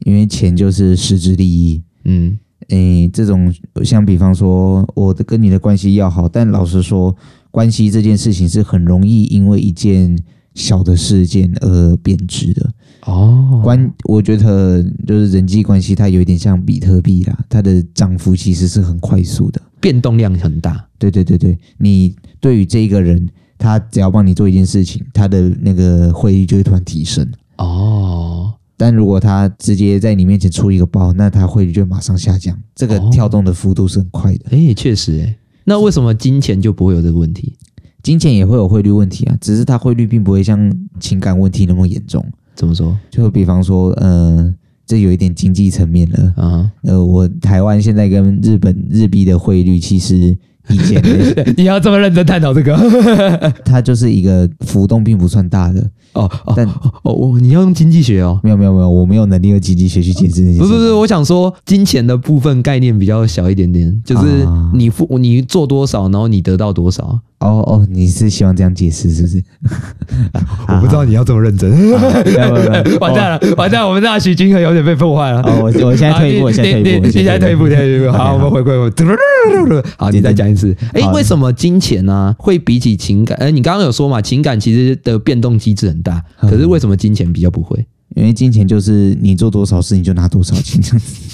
因為錢就是實質利益。嗯，哎、欸，這種像比方說，我跟你的關係要好，但老實說，關係這件事情是很容易因為一件小的事件而變質的。哦，關我覺得就是人際關係，它有一點像比特幣啦，它的漲幅其實是很快速的，變動量很大。對對對對，你對於這一個人，他只要幫你做一件事情，他的那個匯率就會突然提升哦。Oh. 但如果他直接在你面前出一個包，那他匯率就馬上下降，這個跳動的幅度是很快的。哎、oh.，確實哎。那為什麼金錢就不會有這個問題？金錢也會有匯率問題啊，只是它匯率並不會像情感問題那麼嚴重。怎麼說？就比方說，嗯、呃，這有一點經濟層面了啊。Uh-huh. 呃，我台灣現在跟日本日幣的匯率其實。以前 [LAUGHS] 你要這麼認真探討這個 [LAUGHS] ，他就是一個浮動，並不算大的。哦哦哦！我你要用經濟學哦，沒有沒有沒有，沒有，我沒有能力用經濟學去解釋那些、哦。不是不是，我想說金錢的部分概念比較小一點點，就是你付、啊、你做多少，然後你得到多少。哦哦，oh, 你是希望這樣解釋是不是？ [LAUGHS] 啊啊、我不知道你要這麼認真、啊啊啊啊啊，完蛋了，啊、完蛋了、啊完蛋了啊，我們納許均衡有點被破壞了。我我現在退一步，現在退一步，現在退一步，退一步。好，我們回歸，好，你再講一次。哎，為什麼金錢呢會比起情感？哎，你剛剛有說嘛，情感其實的變動機制很。大，可是為什麼金錢比較不會？嗯、因為金錢就是你做多少事，你就拿多少錢。 [LAUGHS]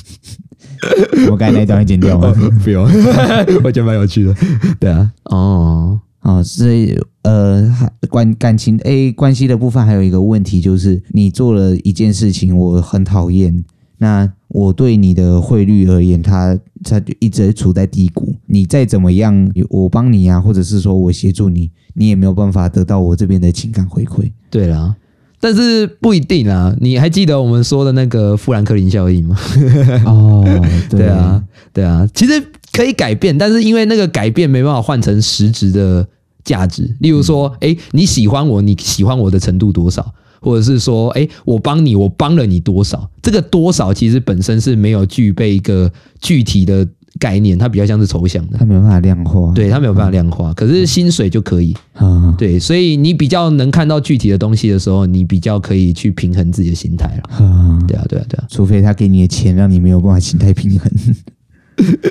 [LAUGHS] 我剛才那段剪掉嗎？哦、不用， [LAUGHS] 我覺得蠻有趣的。對啊，哦，哦，所以呃，關感情誒關係的部分還有一個問題，就是你做了一件事情，我很討厭。那我對你的匯率而言，它它就一直處在低谷。你再怎麼樣，我幫你啊，或者是說我協助你，你也沒有辦法得到我這邊的情感回饋。對啦，但是不一定啦。你還記得我們說的那個富蘭克林效應嗎？ [LAUGHS] 哦，對啊，對啊，其實可以改變，但是因為那個改變沒辦法換成實質的價值。例如說，哎，嗯，欸，你喜歡我，你喜歡我的程度多少？或者是說，哎、欸，我幫你，我幫了你多少？這個多少其實本身是沒有具備一個具體的概念，它比較像是抽象的，它沒有辦法量化。對，它沒有辦法量化、嗯。可是薪水就可以。啊、嗯嗯嗯，對，所以你比較能看到具體的東西的時候，你比較可以去平衡自己的心態了。啊、嗯嗯，對啊，對啊，對啊，啊、除非他給你的錢讓你沒有辦法心態平衡。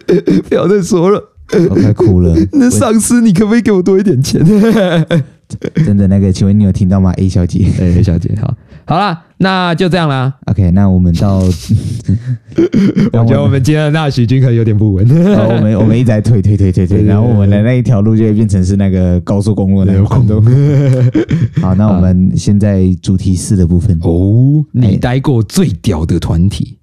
[LAUGHS] 不要再說了，我快哭了。 [LAUGHS] 那上司，你可不可以給我多一點錢？ [LAUGHS] 真的那個，請問你有聽到嗎？A 小姐，A 小姐，欸、小姐好好了，那就這樣啦。OK，那我們到 [LAUGHS] [LAUGHS] 我，們我覺得我們今天的納許均衡有點不穩。好、 [LAUGHS] 哦，我們我們一直在推推推推推，然後我們的那一條路就會變成是那個高速公路的交通。有 [LAUGHS] 好，那我們現在主題四的部分哦、oh, 哎，你待過最屌的團體，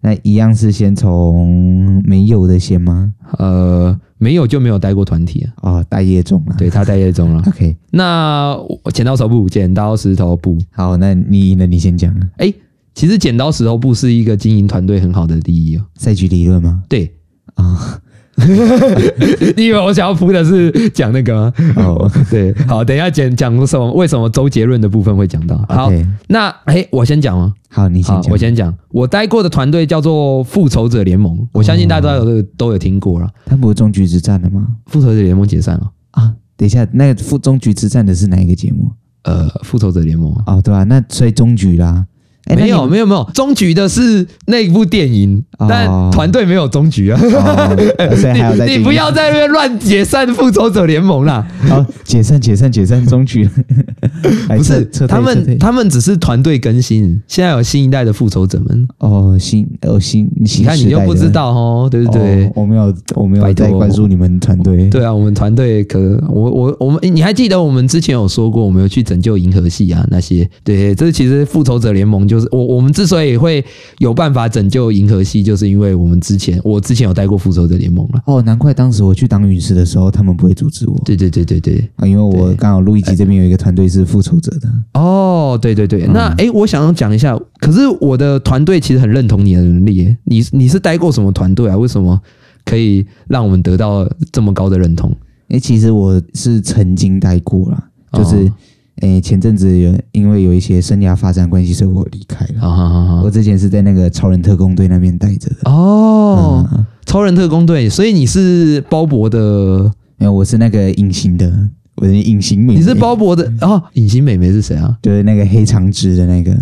那一樣是先從沒有的先嗎？呃。沒有就沒有帶過團體啊，哦，待業中了，對他待業中了。OK，那剪刀手部、布，剪刀石頭布，好，那你贏了你先講。哎、欸，其實剪刀石頭布是一個經營團隊很好的第一哦。賽局理論嗎？對啊，哦、 [LAUGHS] [LAUGHS] 你以為我想要鋪的是講那個嗎？哦， [LAUGHS] 對，好，等一下講講什麼？為什麼周杰倫的部分會講到？好，okay. 那哎、欸，我先講嘛？好，你先講。我先講，我帶過的團隊叫做復仇者聯盟，我相信大家都有、這個哦、都有聽過了。他們不是終局之戰了嗎？復仇者聯盟解散了啊！等一下，那個復終局之戰的是哪一個節目？呃，復仇者聯盟哦，對啊，那所以終局啦、啊。沒有沒有沒有，終局的是那一部電影，哦、但團隊沒有終局啊、哦。 [LAUGHS] 你你不要在那邊亂解散復仇者聯盟啦 [LAUGHS] ！好、哦，解散解散解散，終局 [LAUGHS] 不是他們他們只是團隊更新，現在有新一代的復仇者們哦，新哦，新，新你看你又不知道哦，對不對？哦、我沒有我沒有在關注你們團隊。對啊，我們團隊可我我我們你還記得我們之前有說過，我們有去拯救銀河系啊那些，對，這其實復仇者聯盟就。就是我，我們之所以會有辦法拯救銀河系，就是因為我們之前，我之前有帶過復仇者聯盟了。哦，難怪當時我去擋隕石的時候，他們不會阻止我。對對對對對，啊，因為我剛好錄 yee 集這邊有一個團隊是復仇者的。哎、哦，對對對，嗯、那誒、哎，我想要講一下，可是我的團隊其實很認同你的能力耶。你你是帶過什麼團隊啊？為什麼可以讓我們得到這麼高的認同？誒、哎，其實我是曾經帶過啦，哦、就是。誒、欸，前陣子有因為有一些生涯發展關係，所以我離開了。啊、哦哦哦，我之前是在那個超人特工隊那邊待着的哦、嗯。哦，超人特工隊，所以你是鮑勃的？沒有，我是那個隱形的，我是隱形妹、妹。你是鮑勃的，哦，隱形美眉是誰啊？就是那個黑長直的那個。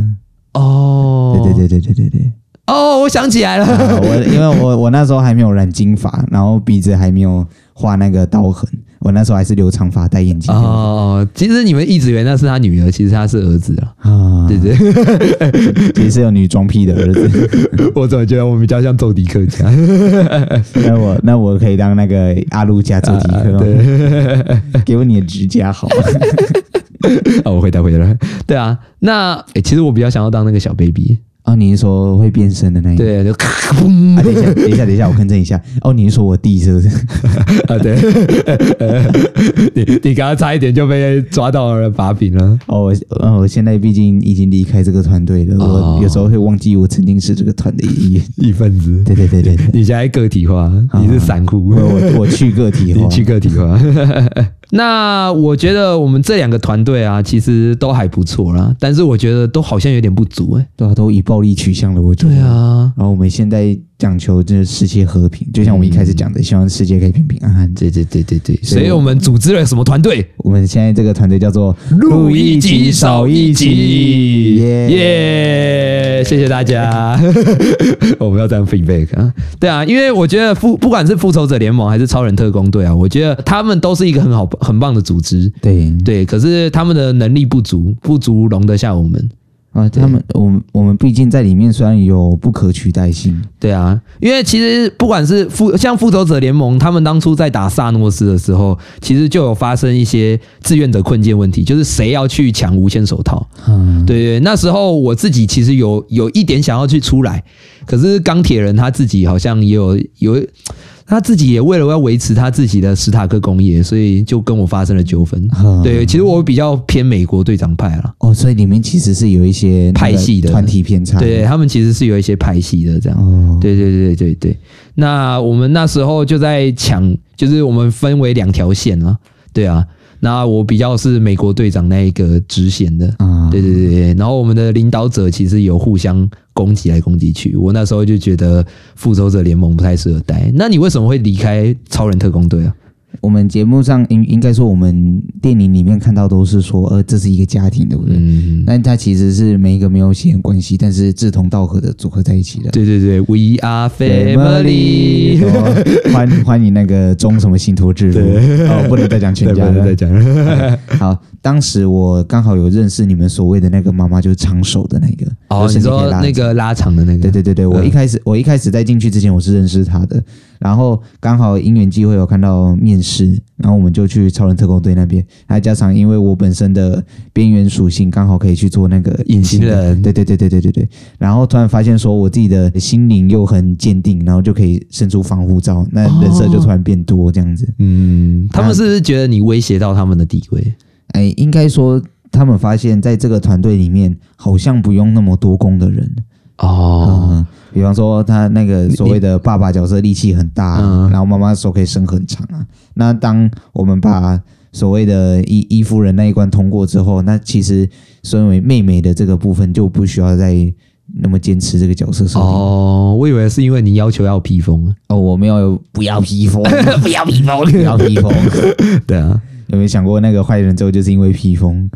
哦，對對，對對對對對對對。哦，我想起來了，啊、我因為我我那時候還沒有染金髮，然後鼻子還沒有畫那個刀痕。我那時候還是留長髮，戴眼鏡。哦，其實你們一直以為那是他女兒，其實他是兒子啊，對、哦、對，也、就是、 [LAUGHS] 是有女裝癖的兒子。我怎麼覺得我比較像周迪克家。家 [LAUGHS] 那我那我可以當那個阿盧家周迪克嗎？啊對？給我你的指甲好嗎？啊、我會帶回來對啊，那、欸、其實我比較想要當那個小 baby。啊、哦，你是說會變身的那一個？對，就咔砰！啊，等一下，等一下，等一下，我更正一下。哦，你是說我弟是不是？啊，對、呃你。你剛剛差一點就被抓到了把柄了。哦，我、哦、我現在畢竟已經離開這個團隊了，哦、我有時候會忘記我曾經是這個團的一一份子。對，對對對對。你現在個體化，你是散戶、啊。我我去個體化，化你去個體化。 [LAUGHS] 那我覺得我們這兩個團隊啊，其實都還不錯啦，但是我覺得都好像有點不足哎、欸，對啊，都以暴力取向了，我覺得。對啊，然後我們現在。講求這世界和平，就像我們一開始講的、嗯，希望世界可以平平安安。對對對對對所，所以我們組織了什麼團隊？我們現在這個團隊叫做“錄一集少一集”一級一級。耶、yeah yeah，謝謝大家。 [LAUGHS] [LAUGHS] 我不要這樣 feedback 啊？對啊，因為我覺得復不管是復仇者聯盟還是超人特工隊啊，我覺得他們都是一個很好很棒的組織。對對，可是他們的能力不足，不足容得下我們。啊，他們，我們，我們畢竟在裡面，雖然有不可取代性。對啊，因為其實不管是複像復仇者聯盟，他們當初在打薩諾斯的時候，其實就有發生一些志願者困境問題，就是誰要去搶無限手套？嗯，對，對對，那時候我自己其實有有一點想要去出來，可是鋼鐵人他自己好像也有有。他自己也為了要維持他自己的史塔克工業，所以就跟我發生了糾紛，嗯。對，其實我比較偏美國隊長派啦。哦，所以裡面其實是有一些團派系的團體偏差。對，他們其實是有一些派系的這樣。哦、對對對對對。那我們那時候就在搶，就是我們分為兩條線啊。對啊。那我比較是美國隊長那一個直線的，對、嗯、對對對。然後我們的領導者其實有互相攻擊來攻擊去。我那時候就覺得復仇者聯盟不太適合待。那你為什麼會離開超人特攻隊啊？我們節目上應應該說，我們電影裡面看到都是說，呃，這是一個家庭，對不對？嗯，但它其實是每一個沒有血緣關係，但是志同道合的組合在一起的。對對對，We are family。歡、哦、歡迎那個中什麼信託之路好、哦，不能再講全家人，不能再講、嗯。好。當時我剛好有認識你們所謂的那個媽媽，就是長手的那個哦。你說那個拉長的那個，對對對對，我一開始、嗯、我一開始在進去之前我是認識她的，然後剛好因緣際會有看到面試，然後我們就去超人特攻隊那邊，還加上因為我本身的邊緣屬性剛好可以去做那個隱形的，隱形人，對對對對對對對，然後突然發現說我自己的心靈又很堅定，然後就可以伸出防護罩，那人設就突然變多這樣子。哦、嗯，他們是不是覺得你威脅到他們的地位？哎，應該說他們發現，在這個團隊裡面，好像不用那麼多工的人哦、嗯。比方說，他那個所謂的爸爸角色力氣很大，嗯、然後媽媽手可以伸很長啊。嗯、那當我們把所謂的伊伊夫人那一關通過之後，那其實身為妹妹的這個部分就不需要再那麼堅持這個角色設定哦。我以為是因為你要求要披風哦，我們要不要披風？不要披風！ [LAUGHS] 不要披風！ [LAUGHS] 不要披風 [LAUGHS] 對啊。有沒有想過那個壞人之後就是因為披風？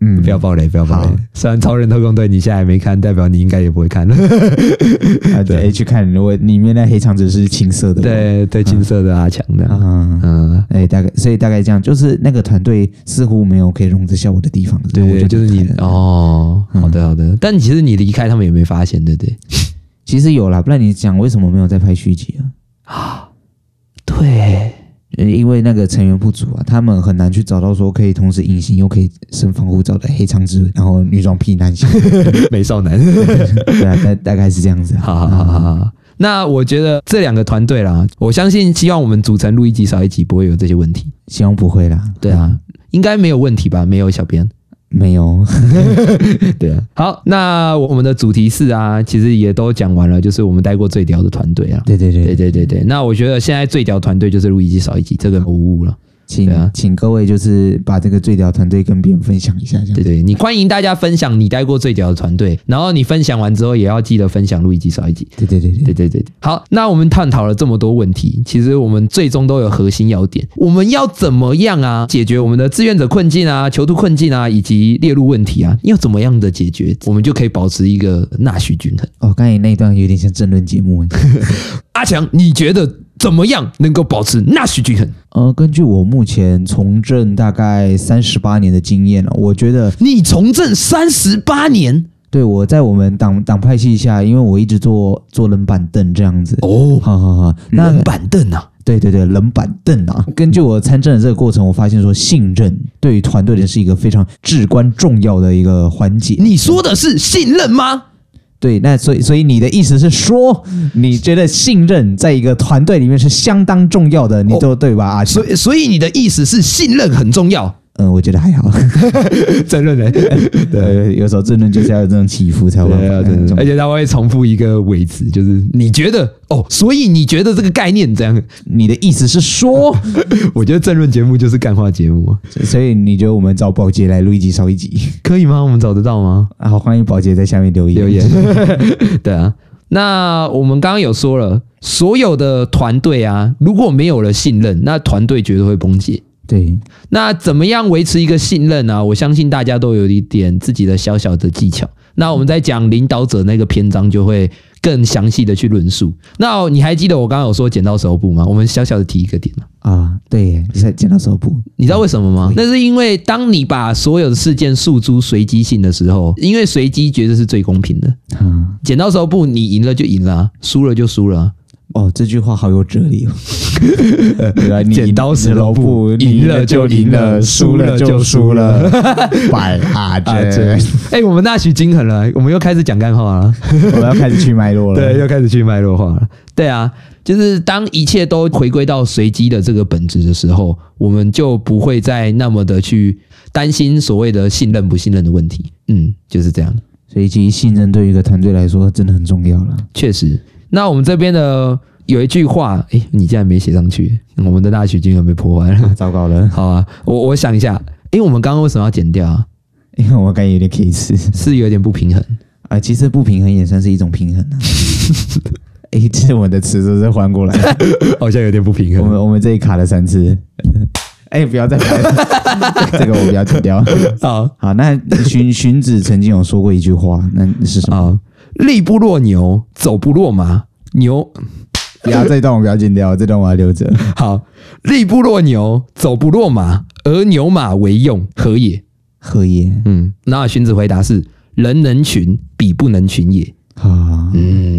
嗯，不要暴雷，不要暴雷。雖然超人特攻隊你現在還沒看，代表你應該也不會看了。哎， [LAUGHS] 去看。如果裡面那黑長子是青色的，對、啊啊啊啊、對，青色的阿強的。嗯大概所以大概這樣，就是那個團隊似乎沒有可以融資效果的地方。對，對就,就是你對哦，好的,、嗯、好,的好的。但其實你離開他們也沒發現，對不對,對？其實有了。不然你講為什麼沒有在拍續集啊？啊，對。因為那個成員不足啊，他們很難去找到說可以同時隱形又可以升防護罩的黑長直，然後女裝 P 男性 [LAUGHS] 美少男， [LAUGHS] 對，啊，大大，大概是這樣子啊。好好好好好，嗯，那我覺得這兩個團隊啦，我相信希望我們組成錄一集少一集不會有這些問題，希望不會啦，對啊，嗯、應該沒有問題吧？沒有，小編。沒有，對， [LAUGHS] 對啊，好，那我們的主題是啊，其實也都講完了，就是我們待過最屌的團隊啊，對對對對對對對，那我覺得現在最屌團隊就是錄 yee 集少一集這個無誤了。嗯請、啊、請各位就是把這個最屌團隊跟別人分享一下，對對，你歡迎大家分享你帶過最屌的團隊，然後你分享完之後也要記得分享錄 yee 集少一集，一集對，對對對對對對對。好，那我們探討了這麼多問題，其實我們最終都有核心要點，我們要怎麼樣啊？解決我們的志願者困境啊、囚徒困境啊以及獵鹿問題啊，要怎麼樣的解決，我們就可以保持一個納許均衡。哦，剛才那段有點像政論節目。 [LAUGHS] 阿強，你覺得？怎麼樣能夠保持納許均衡？呃，根據我目前從政大概三十八年的經驗了，我覺得。你從政三十八年？對，我在我們黨黨派系下，因為我一直坐坐冷板凳這樣子。哦，好好好，冷板凳啊，對對對，冷板凳啊。根據我參政的這個過程，我發現說信任對於團隊的是一個非常至關重要的一個環節。你說的是信任嗎？對，那所以所以你的意思是說，你覺得信任在一個團隊裡面是相當重要的，你都對吧？哦、啊，所以所以你的意思是信任很重要。嗯，我覺得還好。政論呢，對，有時候政論就是要有這種起伏才會、 [LAUGHS] 啊，對、啊對，啊對啊，而且他會重複一個尾詞，就是你覺得哦，所以你覺得這個概念這樣，你的意思是說， [LAUGHS] [LAUGHS] 我覺得政論節目就是幹話節目，所以你覺得我們找寶傑來錄一集少一集可以嗎？我們找得到嗎？啊，好，歡迎寶傑在下面留言留言。 [LAUGHS] 對啊，那我們剛剛有說了，所有的團隊啊，如果沒有了信任，那團隊絕對會崩解。對，那怎麼樣維持一個信任呢？啊？我相信大家都有一點自己的小小的技巧。那我們在講領導者那個篇章就會更詳細的去論述。那你還記得我剛剛有說剪刀石頭布嗎？我們小小的提一個點啊。啊，對，是剪刀石頭布。你知道為什麼嗎？那是因為當你把所有的事件訴諸隨機性的時候，因為隨機絕對是最公平的。嗯，剪刀石頭布，你贏了就贏了啊，輸了就輸了啊。哦，這句話好有哲理哦！ [LAUGHS] 剪刀石頭布，贏 [LAUGHS] 了就贏了，輸了就輸了，白哈拜。哎，我們納許均衡了， [LAUGHS] Bye . ah, Jay . [LAUGHS] [LAUGHS] 我們又開始講幹話了，我們要開始去脈絡了。 [LAUGHS] 對，又開始去脈絡化了， [LAUGHS] 了。對啊，就是當一切都回歸到隨機的這個本質的時候，我們就不會再那麼的去擔心所謂的信任不信任的問題。嗯，就是這樣。所以其實信任對於一個團隊來說真的很重要了，確實。那我們這邊的有一句話，欸、你竟然沒寫上去，嗯，我們的大曲竟然被破壞了，糟糕了。好啊，我我想一下，因、欸、為我們剛剛為什麼要剪掉啊？因、欸、為我感覺有點 case，是有點不平衡啊，呃。其實不平衡也算是一種平衡這、啊、是、 [LAUGHS] 欸、我的詞都是換過來， [LAUGHS] 好像有點不平衡。我們我們這裡卡了三次。哎、欸，不要再卡了。 [LAUGHS] 這個我不要剪掉。好，好，那荀荀子曾經有說過一句話，那是什麼？力不若牛，走不若馬。牛，不要這段，我把它剪掉。這，段我， [LAUGHS] 這段我要留着。好，力不若牛，走不若馬，而牛馬為用，何也？何也？嗯，那荀子回答是：人能群，彼不能群也。啊，嗯。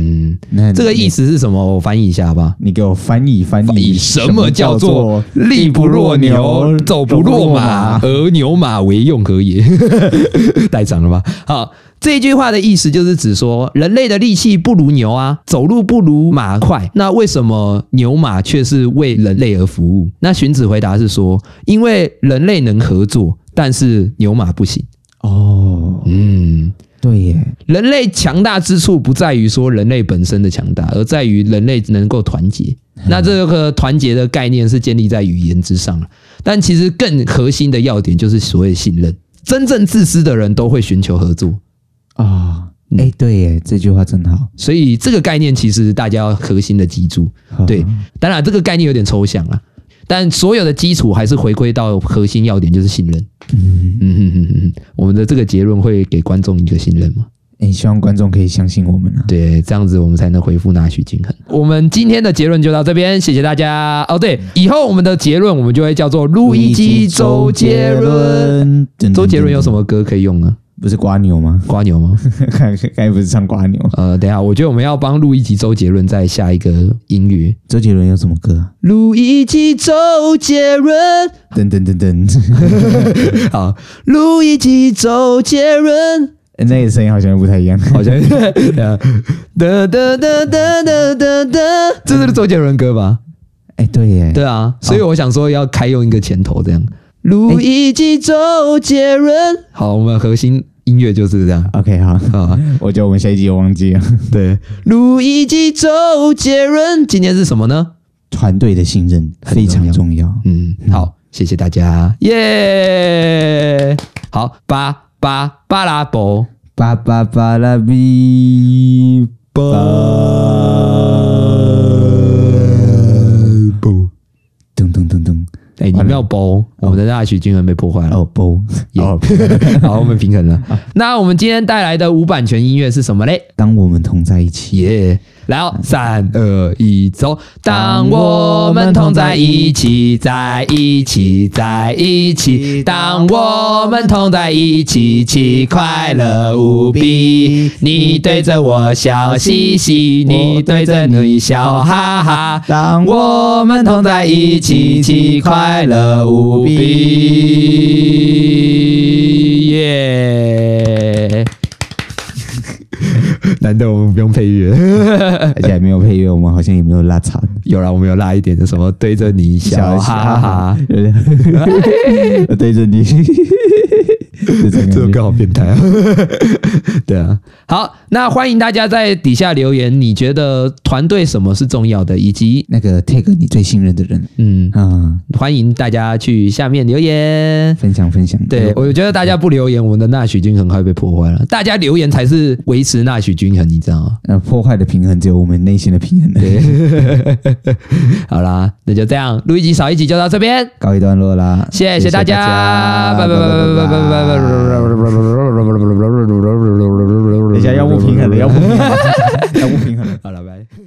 這個意思是什麼？我翻譯一下，好不好？你給我翻譯翻譯。翻譯什麼叫做“力不若牛，走不若馬，而牛馬為用何也”？太 [LAUGHS] 長了吧？好，這一句話的意思就是指說，人類的力氣不如牛啊，走路不如馬快。那為什麼牛馬卻是為人類而服務？那荀子回答是說，因為人類能合作，但是牛馬不行。哦，嗯。對耶，人類強大之處不在於說人類本身的強大，而在於人類能夠團結。那這個團結的概念是建立在語言之上了，但其實更核心的要點就是所謂信任。真正自私的人都會尋求合作啊。誒、哦欸，對耶，這句話真好。所以這個概念其實大家要核心的記住。對，當然這個概念有點抽象啊，但所有的基礎還是回歸到核心要點就是信任。嗯。嗯哼哼哼，我們的這個結論會給觀眾一個信任嗎？你、欸、希望觀眾可以相信我們啊。對，這樣子我們才能回復納許均衡。我們今天的結論就到這邊，謝謝大家。哦，對，以後我們的結論我們就會叫做錄音機。周杰倫。周杰倫有什麼歌可以用呢？不是蝸牛嗎？蝸牛嗎？該 [LAUGHS] 該不是唱蝸牛？呃，等一下，我覺得我們要幫錄 yee 集周杰倫再下一個音樂。周杰倫有什麼歌？錄 yee 集周杰倫，噔噔噔噔，噔， [LAUGHS] 好，錄 yee 集周杰倫、欸，那個聲音好像不太一樣，好像， [LAUGHS] 等一下 [LAUGHS] 噔，噔，噔，噔噔噔噔噔噔噔，這是周杰倫歌吧？哎、欸，對耶，對啊，所以我想說要開用一個前頭這樣。路易吉·周杰倫，好，我們的核心音樂就是這樣。OK，好，好， [LAUGHS] 我覺得我們下一集有忘記了。對，路易吉·周杰倫，今天是什麼呢？團隊的信任非常重要。嗯，好，嗯、謝謝大家，耶、嗯 yeah！好，巴巴巴拉伯，巴巴拉波巴，巴，巴拉比，八。要崩，我們的納許均衡被破壞了。哦，崩，哦，好， [LAUGHS] 我們平衡了。 [LAUGHS] 那我們今天帶來的無版權音樂是什麼嘞？當我們同在一起。Yeah. 來哦，哦三二一，走！當我們同在一起，在一起，在一起；當我們同在一起起，快樂無比。你對着我笑嘻嘻，你對着你笑哈哈。當我們同在一起起，快樂無比。耶、yeah！難道我們不用配樂。因為我們好像也沒有拉長，有啦，我們有拉一點的什麼對着你， [LAUGHS] 你， [LAUGHS] [LAUGHS] 對著你笑，哈哈哈，對着你，嘿嘿嘿。 [LAUGHS] 這種歌好變態啊！ [LAUGHS] 對啊，好，那歡迎大家在底下留言，你覺得團隊什麼是重要的？以及那個 tag 你最信任的人，嗯啊、嗯，歡迎大家去下面留言，分享分享。對，我覺得大家不留言，我們的納許均衡快被破壞了。大家留言才是維持納許均衡，你知道嗎？那破壞的平衡只有我們內心的平衡。對， [LAUGHS] 好啦，那就這樣，錄一集少一集就到這邊告一段落啦謝謝，謝謝大家，拜拜拜拜拜拜拜拜。你 [LAUGHS] 家要不平衡了，要不平， [LAUGHS] 平衡了，好了，拜。